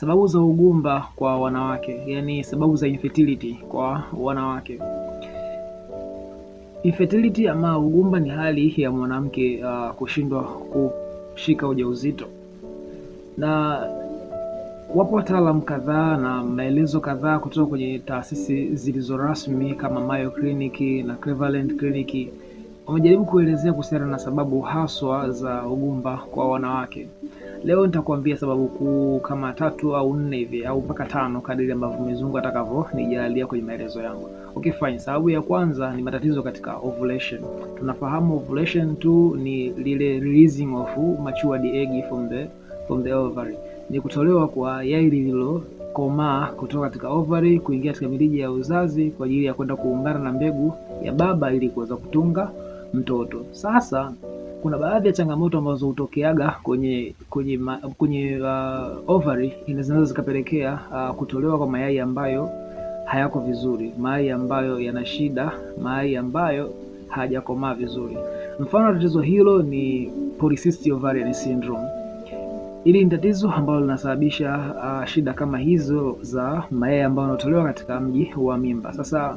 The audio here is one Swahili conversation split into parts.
Sababu za ugumba kwa wanawake, yani sababu za infertility kwa wanawake. Infertility ama ugumba ni hali ya mwanamke uh, kushindwa kushika ujauzito, na wapo wataalamu kadhaa na maelezo kadhaa kutoka kwenye taasisi zilizo rasmi kama Mayo Clinic na Cleveland Clinic wamejaribu kuelezea kuhusiana na sababu haswa za ugumba kwa wanawake. Leo nitakuambia sababu kuu kama tatu au nne hivi au mpaka tano kadiri ambavyo mizungu atakavyo nijalia kwenye maelezo yangu. Okay, fine. Sababu ya kwanza ni matatizo katika ovulation. Tunafahamu ovulation tu ni lile releasing of matured egg from the from the ovary, ni kutolewa kwa yai lililo kutoka katika ovary kuingia katika mirija ya uzazi kwa ajili ya kwenda kuungana na mbegu ya baba ili kuweza kutunga mtoto. Sasa kuna baadhi ya changamoto ambazo hutokeaga kwenye kwenye ma, kwenye uh, ovary zinaweza zikapelekea uh, kutolewa kwa mayai ambayo hayako vizuri, mayai ambayo yana shida, mayai ambayo hayajakomaa vizuri. Mfano wa tatizo hilo ni polycystic ovarian syndrome. Hili ni tatizo ambalo linasababisha uh, shida kama hizo za mayai ambayo yanatolewa katika mji wa mimba. Sasa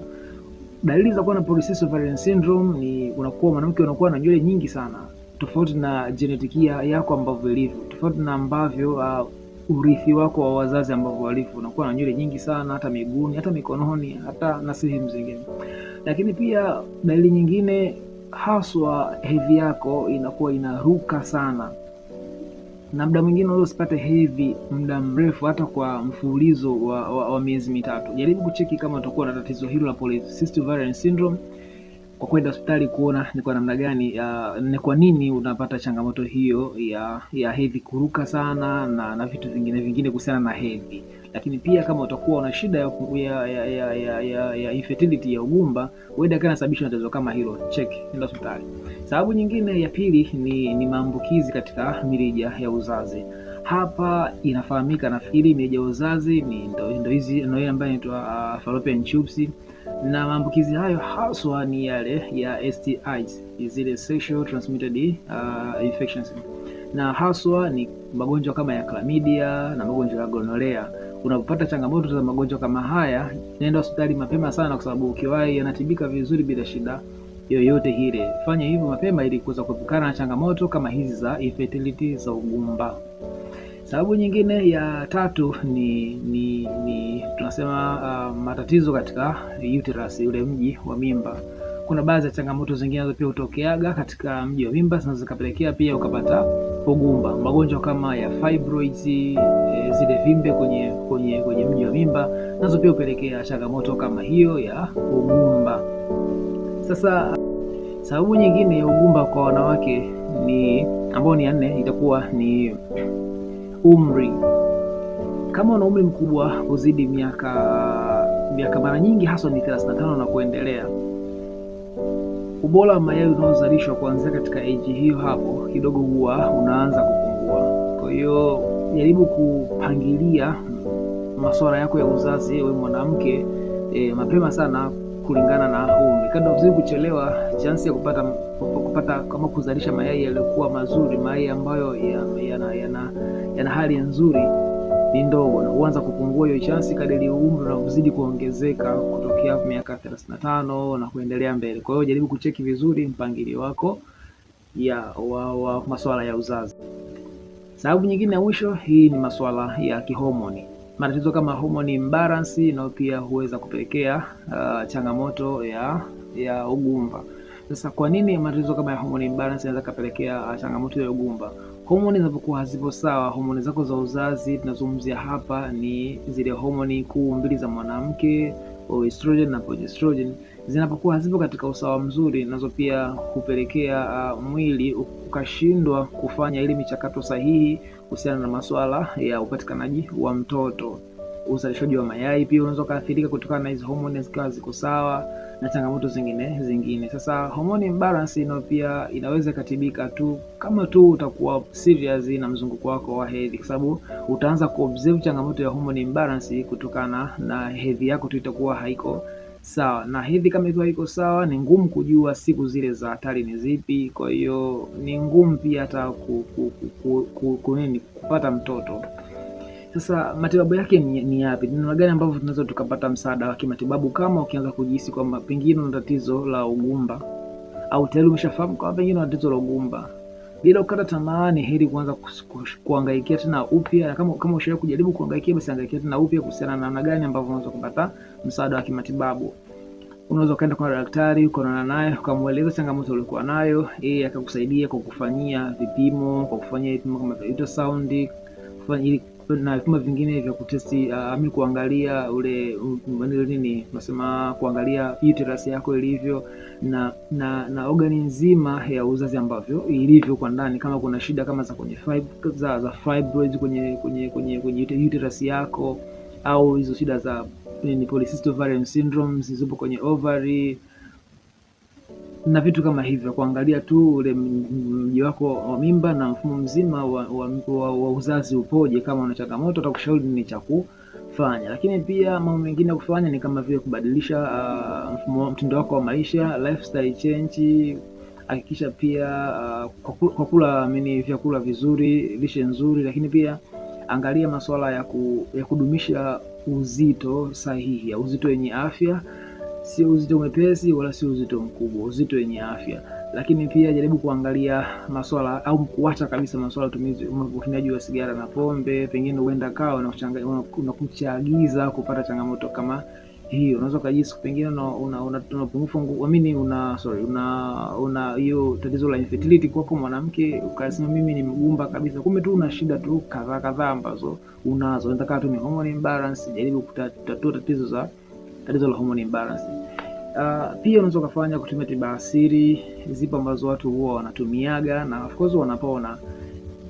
Dalili za kuwa na polycystic ovarian syndrome ni unakuwa mwanamke, unakuwa na nywele nyingi sana, tofauti na genetikia yako ambavyo ilivyo, tofauti na ambavyo uh, urithi wako wa wazazi ambavyo walivyo, unakuwa na nywele nyingi sana, hata miguuni, hata mikononi, hata na sehemu zingine. Lakini pia dalili nyingine haswa hedhi yako inakuwa inaruka sana na muda mwingine unaweza usipate hedhi muda mrefu, hata kwa mfululizo wa, wa, wa miezi mitatu. Jaribu kucheki kama utakuwa na tatizo hilo la polycystic ovarian syndrome kwa kwenda hospitali kuona ni kwa namna gani uh, ni kwa nini unapata changamoto hiyo ya ya hedhi kuruka sana na na vitu vingine vingine kuhusiana na hedhi. Lakini pia kama utakuwa una shida ya ya ya ya, ya, ya, ya infertility ya ugumba, huenda kana sababisha tatizo kama hilo. Check nenda hospitali. Sababu nyingine ya pili ni ni maambukizi katika mirija ya uzazi. Hapa inafahamika nafikiri mirija ya uzazi ni ndo hizi ndo ile ambayo inaitwa uh, fallopian tubes na maambukizi hayo haswa ni yale ya STIs, zile sexual transmitted uh, infections, na haswa ni magonjwa kama ya chlamydia na magonjwa ya gonorrhea. Unapopata changamoto za magonjwa kama haya, nenda hospitali mapema sana, kwa sababu ukiwai yanatibika vizuri bila shida yoyote ile. Fanya hivyo mapema ili kuweza kuepukana na changamoto kama hizi za infertility za ugumba. Sababu nyingine ya tatu ni, ni, ni tunasema uh, matatizo katika uterus, ule mji wa mimba. Kuna baadhi ya changamoto zingine pia hutokeaga katika mji wa mimba zinazo kapelekea pia ukapata ugumba, magonjwa kama ya fibroids, e, zile vimbe kwenye, kwenye, kwenye mji wa mimba nazo pia hupelekea changamoto kama hiyo ya ugumba. Sasa sababu nyingine ya ugumba kwa wanawake ni ambao ni ya nne itakuwa ni umri. Kama una umri mkubwa huzidi miaka miaka, mara nyingi haswa ni 35 na kuendelea, ubora wa mayai unaozalishwa kuanzia katika eji hiyo hapo kidogo huwa unaanza kupungua. Kwa hiyo jaribu kupangilia masuala yako ya uzazi, we mwanamke e, mapema sana kulingana na umri. Kadri unazidi kuchelewa, chansi ya kupata kupata kama kuzalisha mayai yaliyokuwa mazuri, mayai ambayo yana yana ya, ya hali nzuri ni ndogo na huanza kupungua hiyo chansi kadri umri unavyozidi kuongezeka kutokea miaka 35 na kuendelea mbele. Kwa hiyo jaribu kucheki vizuri mpangilio wako ya wa, wa masuala ya uzazi. Sababu nyingine ya mwisho hii ni masuala ya kihomoni matatizo kama hormone imbalance, na pia huweza kupelekea uh, changamoto ya ya ugumba. Sasa kwa nini matatizo kama ya hormone imbalance yanaweza kapelekea uh, changamoto ya ugumba? Homoni zinapokuwa hazipo sawa, homoni zako za uzazi tunazungumzia hapa ni zile homoni kuu mbili za mwanamke, oestrogen na progesterone zinapokuwa hazipo katika usawa mzuri, nazo pia hupelekea uh, mwili ukashindwa kufanya ile michakato sahihi kuhusiana na masuala ya upatikanaji wa mtoto. Uzalishaji wa mayai pia unaweza ukaathirika kutokana na hizo zikiwa ziko sawa na changamoto zingine zingine. Sasa hormone imbalance ino pia inaweza ikatibika tu kama tu utakuwa serious na mzunguko wako wa hedhi, kwa sababu utaanza kuobserve changamoto ya hormone imbalance kutokana na hedhi yako tu itakuwa haiko sawa, na hivi kama ikiwa iko sawa, ni ngumu kujua siku zile za hatari ni zipi. Kwa hiyo ni ngumu pia hata ku, ku, ku, ku, ku, nini kupata mtoto. Sasa matibabu yake ni, ni yapi? Ni namna gani ambavyo tunaweza tukapata msaada wa kimatibabu kama ukianza kujihisi kwamba pengine una tatizo la ugumba au tayari umeshafahamu kwamba pengine una tatizo la ugumba? Bila kukata tamaa, ni heri kuanza kuangaikia tena upya, na kama kama ushawahi kujaribu kuangaikia, basi angaikia tena upya kuhusiana na namna gani ambavyo unaweza kupata msaada wa kimatibabu. Unaweza ukaenda kwa daktari ukaonana naye ukamweleza changamoto uliokuwa nayo, yeye akakusaidia kwa kufanyia vipimo, kwa kufanyia vipimo kama vya ultrasound ili na vipimo vingine vya kutesti uh, ah, ami kuangalia ule nini nasema kuangalia terasi yako ilivyo na na na ogani nzima ya uzazi ambavyo ilivyo kwa ndani, kama kuna shida kama za kwenye fib, za, za fibroids kwenye kwenye kwenye kwenye uterasi yako au hizo shida za ni polycystic ovarian syndrome zilizopo kwenye ovary na vitu kama hivyo, kuangalia tu ule mji wako wa mimba na mfumo mzima wa, wa, wa, wa uzazi upoje. Kama una changamoto, atakushauri nini cha kufanya, lakini pia mambo mengine ya kufanya ni kama vile kubadilisha uh, mfumo, mtindo wako wa maisha, lifestyle change. Hakikisha pia uh, kwa kula mini vyakula vizuri, lishe nzuri, lakini pia angalia masuala ya, ku, ya kudumisha uzito sahihi, uzito wenye afya sio uzito mwepesi wala sio uzito mkubwa, uzito wenye afya. Lakini pia jaribu kuangalia maswala au kuacha kabisa maswala tumizi, utumiaji wa sigara na pombe. Pengine huenda kawa na kuchagiza kupata changamoto kama hiyo. Unaweza ukajisi pengine una upungufu una, una, una, sorry una una hiyo tatizo la infertility kwako mwanamke, ukasema mimi ni mgumba kabisa, kumbe tu una shida tu kadhaa kadhaa ambazo unazo, unataka tu ni hormone imbalance. Jaribu kutatua tatizo za tatizo la hormone imbalance. Uh, pia unaweza ukafanya kutumia tiba asili, zipo ambazo watu huwa wanatumiaga na of course wanapona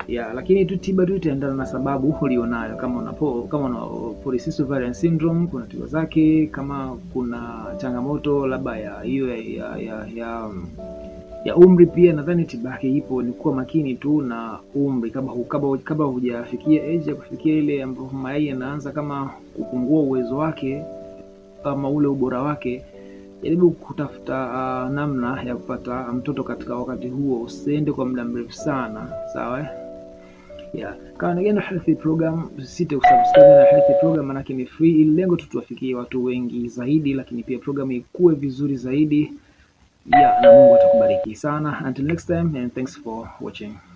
ya, lakini tu tiba tu itaendana na sababu ulionayo. Kama unapo kama una polycystic ovarian syndrome kuna tiba zake. Kama kuna changamoto labda ya hiyo ya, ya, ya, ya, ya umri, pia nadhani tiba yake ipo. Ni kuwa makini tu na umri, kabla hujafikia age ya kufikia ile ambapo mayai yanaanza kama kupungua uwezo wake ama ule ubora wake, jaribu kutafuta uh, namna ya kupata ah, mtoto katika wakati huo, usiende kwa muda mrefu sana, sawa. Yeah. Kama ni Healthy Program, usisite kusubscribe na Healthy Program, manake ni free, ili lengo tu tuwafikie watu wengi zaidi, lakini pia program ikue vizuri zaidi. ya Yeah, na Mungu atakubariki sana. Until next time and thanks for watching.